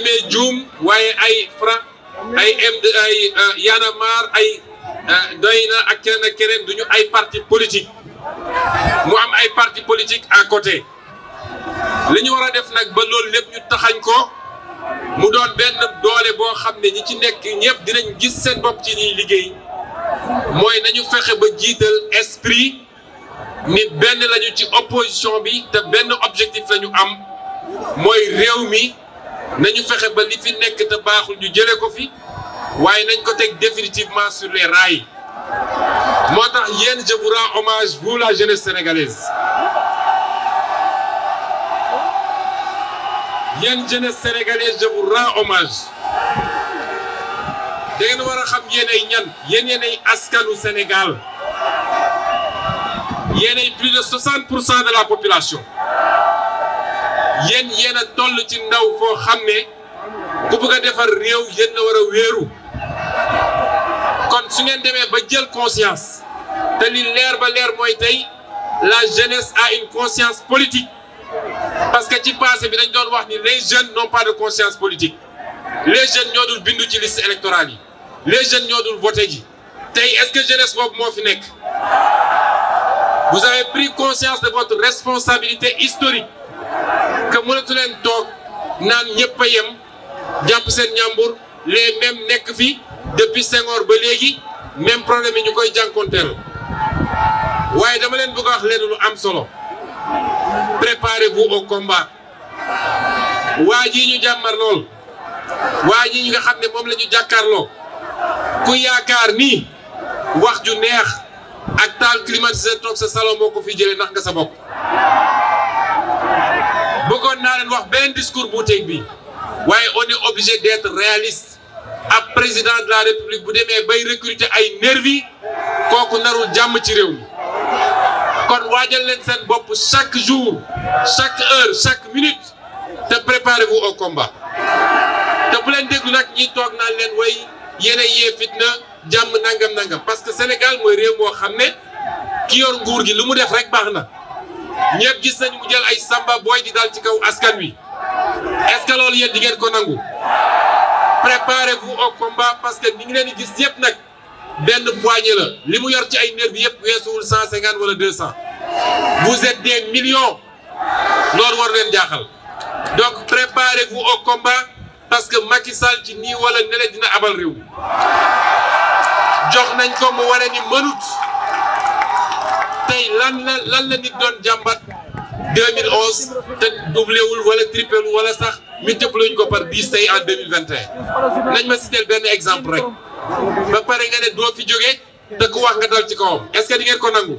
limee juum waaye ay fra ay md ay euh, Y'en ay euh, doy na ak keneen ak keneen duñu ay parti politique mu am ay parti politique à côté li ñu war a def nag ba loolu lépp ñu taxañ ko mu doon benn doole boo xam ne ñi ci nekk ñëpp dinañ gis seen bopp ci ñuy liggéey mooy nañu fexe ba jiital esprit ni benn lañu ci opposition bi te benn objectif lañu am mooy réew mi nañu fexe ba li fi nekk te baaxul ñu jëlee ko fi waaye nañ ko teg définitivement sur les rails moo tax yéen je vous rends hommage vous la jeunesse sénégalaise yéen jeunesse sénégalaise je vous rends ngeen war a xam yéen ñan yéen yéen ay askanu Sénégal yéen ay plus de 60 pour cent de la population yéen yéen a toll ci ndaw foo xam ne ku bëgg a defar réew yéen a war a wéeru kon su ngeen demee ba jël conscience te li leer ba leer mooy tey la jeunesse a une conscience politique parce que ci passé bi dañ doon wax ni les jeunes n'ont pas de conscience politique les jeunes ñoo dul bindu ci liste électorale yi les jeunes ñoo dul voté ji tey est-ce que jeunesse boobu moo fi nekk vous avez pris conscience de votre responsabilité historique que mënatu leen toog naan ñëpp a yem jàpp seen ñàmbur les mêmes nekk fi depuis Senghor ba léegi même problème yi ñu koy jànkonteel waaye dama leen bëgg a leen lu am solo préparez-vous au combat waa ji ñu jàmmar lool waa ji ñi nga xam ne moom la ñu jàkkaarloo ku yaakaar ni wax ju neex ak taal climatiseur toog sa salon boo ko fi jëlee ndax nga sa bopp bëggoon naa leen wax benn discours bu tey bi waaye on est obligé d'être réaliste ab président de la république bu demee bay recruter ay nervi kooku narul jàmm ci réew mi kon waajal leen seen bopp chaque jour chaque heure chaque minute te préparez-vous au combat te bu leen déglu nag ñi toog naan leen way yéene yee fitna jàmm nangam nangam parce que Sénégal mooy réew moo xam ne ki yor nguur gi lu mu def rek baax na ñëpp gis nañu mu jël ay samba booy di daal ci kaw askan wi est-ce que ngeen ko nangu préparez-vous au combat parce que ni ngi leen di gis yëpp nag benn poignée la li mu yor ci ay nerf bi yëpp weesuwul cent cinquante wala deux cent vous êtes des millions loolu war leen jaaxal donc préparez-vous ocomba parce que Macky Sall ci nii wala nele dina abal réew jox nañ tey lan la lan nit doon jàmbat 2011 te doublé wul wala triplé wul wala sax multiplié wuñ ko par 10 tey en 2021 nañ ma citer benn exemple rek ba pare nga ne doo fi jógee te ku wax nga dal ci kawam est-ce ngeen ko nangu.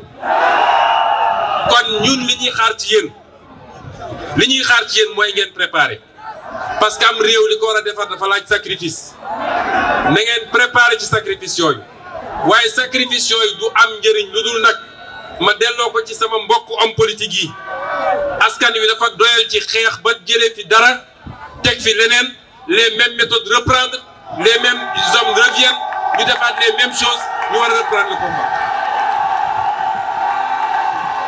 kon ñun li ñuy xaar ci yéen li ñuy xaar ci yéen mooy ngeen préparer parce que am réew li ko war a defar dafa laaj sacrifice na ngeen préparer ci sacrifice yooyu waaye sacrifice yooyu du am njëriñ lu dul nag. ma delloo ko ci sama mbokk homme politique yi askan wi dafa doyal ci xeex ba jëlee fi dara teg fi leneen les mêmes méthodes reprendre les mêmes nga reviennent ñu defaat le mêmes choses ñu war a reprendre le combat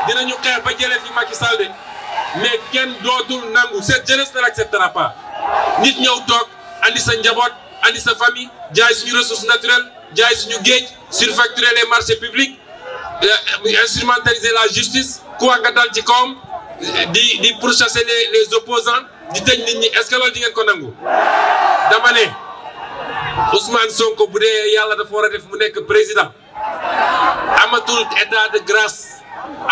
dinañu xeex ba jëlee fi Macky Sall de mais kenn dootul nangu cette jeunesse ne l'acceptera pas nit ñëw toog andi sa njaboot andi sa famille jaay suñu ressource naturelle jaay suñu géej surfacturer les marchés publics instrumentaliser la justice ku wax nga dal ci kawam di di pourchasser les les opposants di tëj nit ñi est-ce que di ngeen ko nangu dama ne Ousmane ko bu dee yàlla dafa war a def mu nekk président amatul état de grace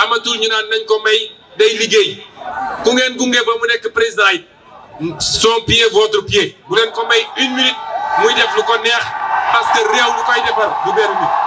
amatul ñu naan nañ ko may day liggéey ku ngeen gunge ba mu nekk président it son pied votre pied bu leen ko may une minute muy def lu ko neex parce que réew lu koy defar du